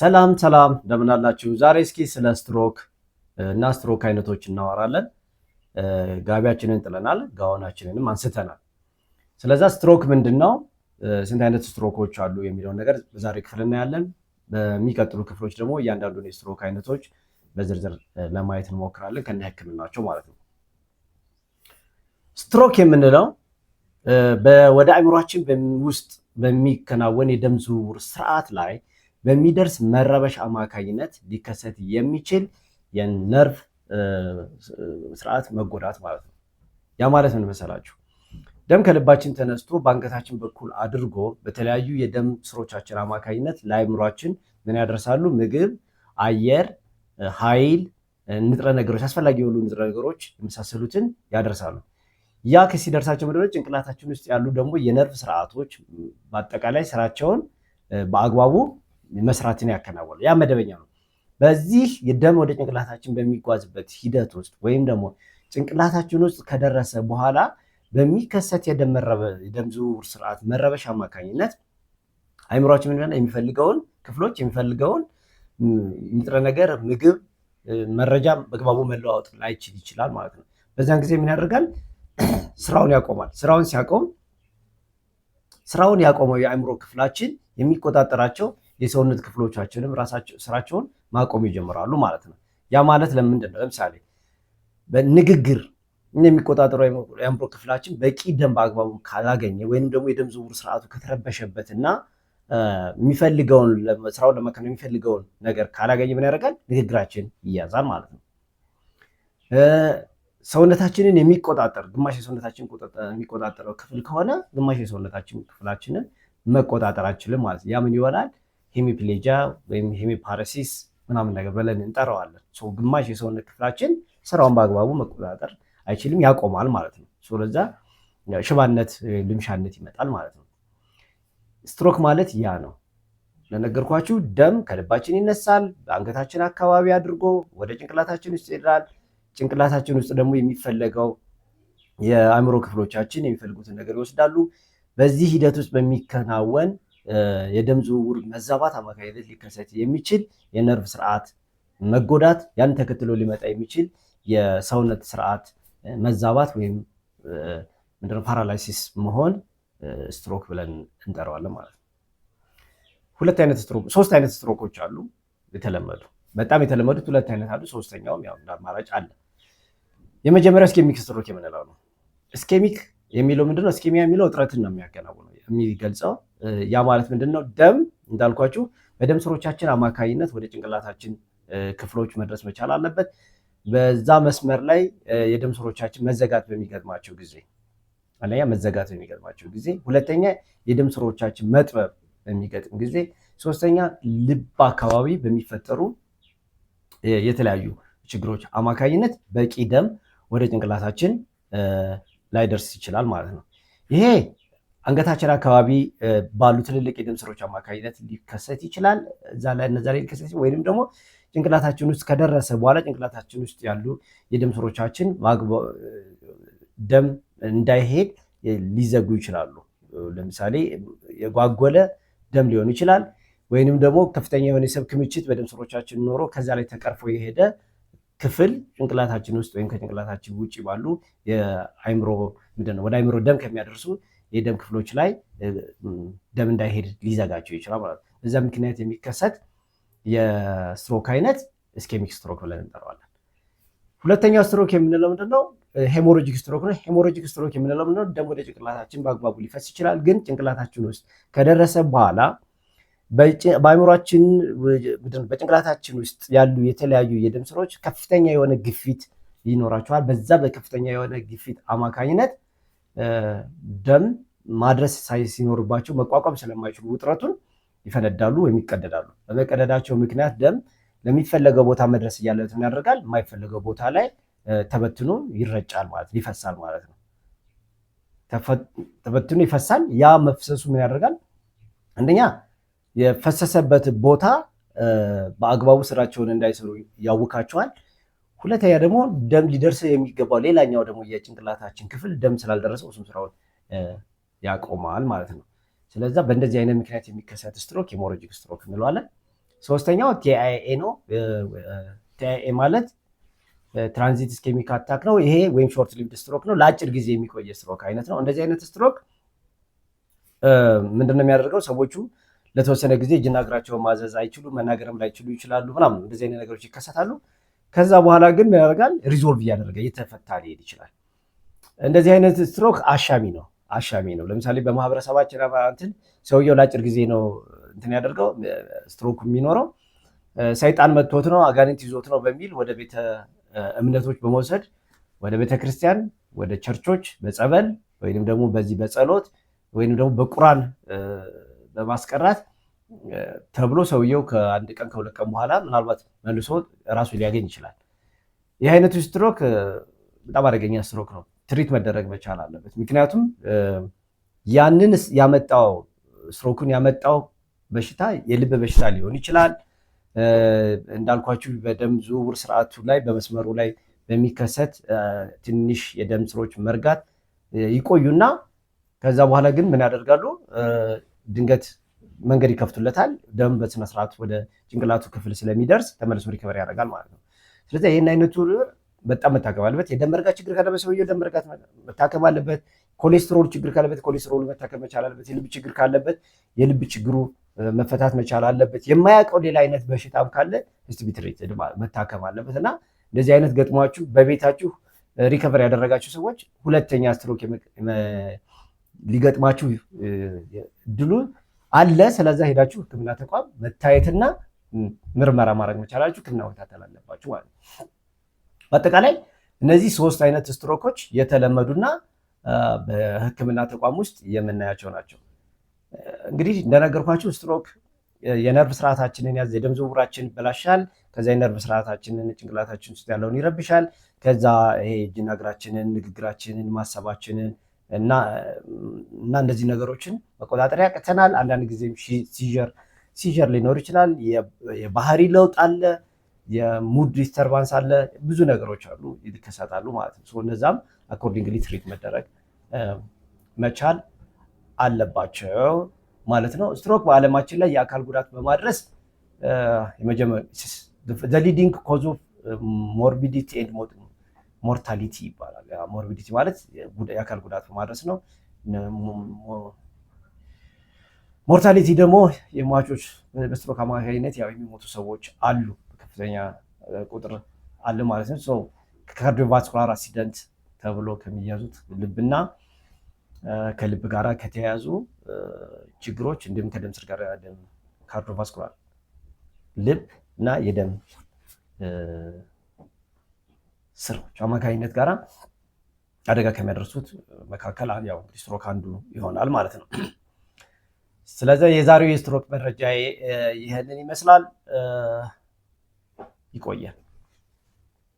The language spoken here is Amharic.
ሰላም ሰላም እንደምን አላችሁ? ዛሬ እስኪ ስለ ስትሮክ እና ስትሮክ አይነቶች እናወራለን። ጋቢያችንን ጥለናል፣ ጋዋናችንንም አንስተናል። ስለዛ ስትሮክ ምንድን ነው፣ ስንት አይነት ስትሮኮች አሉ የሚለውን ነገር በዛሬ ክፍል እናያለን። በሚቀጥሉ ክፍሎች ደግሞ እያንዳንዱን የስትሮክ አይነቶች በዝርዝር ለማየት እንሞክራለን፣ ከነ ህክምናቸው ማለት ነው። ስትሮክ የምንለው ወደ አእምሯችን ውስጥ በሚከናወን የደም ዝውውር ስርዓት ላይ በሚደርስ መረበሽ አማካኝነት ሊከሰት የሚችል የነርቭ ስርዓት መጎዳት ማለት ነው። ያ ማለት ምን መሰላችሁ? ደም ከልባችን ተነስቶ በአንገታችን በኩል አድርጎ በተለያዩ የደም ስሮቻችን አማካኝነት ለአይምሯችን ምን ያደርሳሉ? ምግብ፣ አየር፣ ኃይል፣ ንጥረ ነገሮች፣ አስፈላጊ የሆኑ ንጥረ ነገሮች የመሳሰሉትን ያደርሳሉ። ያ ሲደርሳቸው ምድሮች ጭንቅላታችን ውስጥ ያሉ ደግሞ የነርቭ ስርዓቶች በአጠቃላይ ስራቸውን በአግባቡ መስራትን ያከናወነ ያ መደበኛ ነው። በዚህ ደም ወደ ጭንቅላታችን በሚጓዝበት ሂደት ውስጥ ወይም ደግሞ ጭንቅላታችን ውስጥ ከደረሰ በኋላ በሚከሰት የደም ዝውውር ስርዓት መረበሽ አማካኝነት አይምሯችን ምን የሚፈልገውን ክፍሎች የሚፈልገውን ንጥረ ነገር፣ ምግብ፣ መረጃ በግባቡ መለዋወጥ ላይችል ይችላል ማለት ነው። በዚያን ጊዜ ምን ያደርጋል? ስራውን ያቆማል። ስራውን ሲያቆም ስራውን ያቆመው የአእምሮ ክፍላችን የሚቆጣጠራቸው የሰውነት ክፍሎቻችንም ስራቸውን ማቆም ይጀምራሉ ማለት ነው። ያ ማለት ለምንድን ነው? ለምሳሌ በንግግር የሚቆጣጠረው የአእምሮ ክፍላችን በቂ ደም በአግባቡ ካላገኘ ወይም ደግሞ የደም ዝውውር ስርዓቱ ከተረበሸበት እና የሚፈልገውን ስራውን ለማከናወን የሚፈልገውን ነገር ካላገኘ ምን ያደርጋል? ንግግራችን ይያዛል ማለት ነው። ሰውነታችንን የሚቆጣጠር ግማሽ የሰውነታችን የሚቆጣጠረው ክፍል ከሆነ ግማሽ የሰውነታችን ክፍላችንን መቆጣጠር አችልም ማለት ነው። ያ ምን ይሆናል? ሄሚፕሌጃ ወይም ሄሚፓረሲስ ምናምን ነገር ብለን እንጠራዋለን። ግማሽ የሰውነት ክፍላችን ስራውን በአግባቡ መቆጣጠር አይችልም፣ ያቆማል ማለት ነው። ስለዛ ሽባነት፣ ልምሻነት ይመጣል ማለት ነው። ስትሮክ ማለት ያ ነው። ለነገርኳችሁ ደም ከልባችን ይነሳል፣ አንገታችን አካባቢ አድርጎ ወደ ጭንቅላታችን ውስጥ ይሄዳል። ጭንቅላታችን ውስጥ ደግሞ የሚፈለገው የአእምሮ ክፍሎቻችን የሚፈልጉትን ነገር ይወስዳሉ። በዚህ ሂደት ውስጥ በሚከናወን የደም ዝውውር መዛባት አማካኝነት ሊከሰት የሚችል የነርቭ ስርዓት መጎዳት፣ ያን ተከትሎ ሊመጣ የሚችል የሰውነት ስርዓት መዛባት ወይም ምንድነው ፓራላይሲስ መሆን ስትሮክ ብለን እንጠራዋለን ማለት ነው። ሁለት አይነት ስትሮክ ሶስት አይነት ስትሮኮች አሉ የተለመዱ በጣም የተለመዱት ሁለት አይነት አሉ። ሶስተኛውም ያው እንደ አማራጭ አለ። የመጀመሪያው እስኬሚክ ስትሮክ የምንለው ነው። እስኬሚክ የሚለው ምንድነው? እስኬሚያ የሚለው እጥረትን ነው የሚያከናውነው የሚገልጸው። ያ ማለት ምንድነው? ደም እንዳልኳችሁ በደም ስሮቻችን አማካኝነት ወደ ጭንቅላታችን ክፍሎች መድረስ መቻል አለበት። በዛ መስመር ላይ የደም ስሮቻችን መዘጋት በሚገጥማቸው ጊዜ አንደኛ መዘጋት በሚገጥማቸው ጊዜ፣ ሁለተኛ የደም ስሮቻችን መጥበብ በሚገጥም ጊዜ፣ ሶስተኛ ልብ አካባቢ በሚፈጠሩ የተለያዩ ችግሮች አማካኝነት በቂ ደም ወደ ጭንቅላታችን ላይደርስ ይችላል ማለት ነው። ይሄ አንገታችን አካባቢ ባሉ ትልልቅ የደም ስሮች አማካኝነት ሊከሰት ይችላል። እዛ ላይ እነዛ ላይ ሊከሰት ወይንም ደግሞ ጭንቅላታችን ውስጥ ከደረሰ በኋላ ጭንቅላታችን ውስጥ ያሉ የደም ስሮቻችን ደም እንዳይሄድ ሊዘጉ ይችላሉ። ለምሳሌ የጓጎለ ደም ሊሆን ይችላል። ወይንም ደግሞ ከፍተኛ የሆነ የስብ ክምችት በደም ስሮቻችን ኖሮ ከዛ ላይ ተቀርፎ የሄደ ክፍል ጭንቅላታችን ውስጥ ወይም ከጭንቅላታችን ውጭ ባሉ የአይምሮ ምንድን ነው ወደ አይምሮ ደም ከሚያደርሱ የደም ክፍሎች ላይ ደም እንዳይሄድ ሊዘጋቸው ይችላል ማለት ነው። በዛ ምክንያት የሚከሰት የስትሮክ አይነት ስኬሚክ ስትሮክ ብለን እንጠራዋለን። ሁለተኛው ስትሮክ የምንለው ምንድነው? ሄሞሮጂክ ስትሮክ ነው። ሄሞሮጂክ ስትሮክ የምንለው ምንድነው? ደም ወደ ጭንቅላታችን በአግባቡ ሊፈስ ይችላል፣ ግን ጭንቅላታችን ውስጥ ከደረሰ በኋላ በአእምሯችን በጭንቅላታችን ውስጥ ያሉ የተለያዩ የደም ስሮች ከፍተኛ የሆነ ግፊት ይኖራቸዋል። በዛ በከፍተኛ የሆነ ግፊት አማካኝነት ደም ማድረስ ሲኖርባቸው መቋቋም ስለማይችሉ ውጥረቱን ይፈነዳሉ ወይም ይቀደዳሉ። በመቀደዳቸው ምክንያት ደም ለሚፈለገው ቦታ መድረስ እያለትን ያደርጋል። የማይፈለገው ቦታ ላይ ተበትኖ ይረጫል ማለት ነው፣ ይፈሳል ማለት ነው። ተበትኖ ይፈሳል። ያ መፍሰሱ ምን ያደርጋል? አንደኛ የፈሰሰበት ቦታ በአግባቡ ስራቸውን እንዳይሰሩ ያውካቸዋል። ሁለተኛ ደግሞ ደም ሊደርስ የሚገባው ሌላኛው ደግሞ የጭንቅላታችን ክፍል ደም ስላልደረሰው እሱም ስራውን ያቆማል ማለት ነው። ስለዚ በእንደዚህ አይነት ምክንያት የሚከሰት ስትሮክ ሄሞራጂክ ስትሮክ እንለዋለን። ሶስተኛው ቲአይኤ ነው። ቲአይኤ ማለት ትራንዚት ኢስኬሚክ አታክ ነው። ይሄ ወይም ሾርት ሊቭድ ስትሮክ ነው። ለአጭር ጊዜ የሚቆየ ስትሮክ አይነት ነው። እንደዚህ አይነት ስትሮክ ምንድነው የሚያደርገው ሰዎቹ ለተወሰነ ጊዜ እጅና እግራቸውን ማዘዝ አይችሉ መናገርም ላይችሉ ይችላሉ ምናምን እንደዚህ አይነት ነገሮች ይከሰታሉ። ከዛ በኋላ ግን ምን ያደርጋል? ሪዞልቭ እያደረገ እየተፈታ ሊሄድ ይችላል። እንደዚህ አይነት ስትሮክ አሻሚ ነው አሻሚ ነው። ለምሳሌ በማህበረሰባችን እንትን ሰውየው ለአጭር ጊዜ ነው እንትን ያደርገው ስትሮክ የሚኖረው ሰይጣን መጥቶት ነው አጋንንት ይዞት ነው በሚል ወደ ቤተ እምነቶች በመውሰድ ወደ ቤተክርስቲያን፣ ወደ ቸርቾች በጸበል ወይንም ደግሞ በዚህ በጸሎት ወይንም ደግሞ በቁራን ለማስቀራት ተብሎ ሰውየው ከአንድ ቀን ከሁለት ቀን በኋላ ምናልባት መልሶ ራሱ ሊያገኝ ይችላል። ይህ አይነቱ ስትሮክ በጣም አደገኛ ስትሮክ ነው። ትሪት መደረግ መቻል አለበት። ምክንያቱም ያንን ያመጣው ስትሮኩን ያመጣው በሽታ የልብ በሽታ ሊሆን ይችላል። እንዳልኳችሁ በደም ዝውውር ስርዓቱ ላይ በመስመሩ ላይ በሚከሰት ትንሽ የደም ስሮች መርጋት ይቆዩና ከዛ በኋላ ግን ምን ያደርጋሉ ድንገት መንገድ ይከፍቱለታል። ደም በስነስርዓት ወደ ጭንቅላቱ ክፍል ስለሚደርስ ተመልሶ ሪከቨር ያደርጋል ማለት ነው። ስለዚህ ይህን አይነቱ በጣም መታከም አለበት። የደም መርጋት ችግር ካለበት ሰውየው ደም መርጋት መታከም አለበት። ኮሌስትሮል ችግር ካለበት ኮሌስትሮሉ መታከም መቻል አለበት። የልብ ችግር ካለበት የልብ ችግሩ መፈታት መቻል አለበት። የማያውቀው ሌላ አይነት በሽታም ካለ ስቲቢትሬትድ መታከም አለበት እና እንደዚህ አይነት ገጥሟችሁ በቤታችሁ ሪከቨር ያደረጋችሁ ሰዎች ሁለተኛ ስትሮክ ሊገጥማችሁ እድሉ አለ። ስለዛ ሄዳችሁ ህክምና ተቋም መታየትና ምርመራ ማድረግ መቻላችሁ ሕክምና መታተል አለባችሁ ማለት ነው። በአጠቃላይ እነዚህ ሶስት አይነት ስትሮኮች የተለመዱና በህክምና ተቋም ውስጥ የምናያቸው ናቸው። እንግዲህ እንደነገርኳችሁ ስትሮክ የነርቭ ስርዓታችንን ያዝ የደም ዝውውራችን ይበላሻል። ከዛ የነርቭ ስርዓታችንን ጭንቅላታችን ውስጥ ያለውን ይረብሻል። ከዛ ይሄ እጅና እግራችንን፣ ንግግራችንን፣ ማሰባችንን እና እንደዚህ ነገሮችን መቆጣጠር ያቅተናል። አንዳንድ ጊዜም ሲዥር ሲዥር ሊኖር ይችላል። የባህሪ ለውጥ አለ፣ የሙድ ዲስተርባንስ አለ፣ ብዙ ነገሮች አሉ ይከሰታሉ ማለት ነው። እነዛም አኮርዲንግሊ ትሪት መደረግ መቻል አለባቸው ማለት ነው። ስትሮክ በዓለማችን ላይ የአካል ጉዳት በማድረስ ሊዲንግ ኮዝ ኦፍ ሞርቢዲቲ ኤንድ ሞት ሞርታሊቲ ይባላል። ሞርቢዲቲ ማለት የአካል ጉዳት በማድረስ ነው። ሞርታሊቲ ደግሞ የሟቾች በስትሮክ አማካኝነት ያው የሚሞቱ ሰዎች አሉ፣ በከፍተኛ ቁጥር አለ ማለት ነው። ከካርዲዮቫስኩላር አክሲደንት ተብሎ ከሚያዙት ልብና ከልብ ጋር ከተያያዙ ችግሮች እንዲሁም ከደም ስር ጋር ደም ካርዲዮቫስኩላር ልብ እና የደም ስሮች አማካኝነት ጋር አደጋ ከሚያደርሱት መካከል ያው እንግዲህ ስትሮክ አንዱ ይሆናል ማለት ነው። ስለዚህ የዛሬው የስትሮክ መረጃ ይህንን ይመስላል። ይቆያል።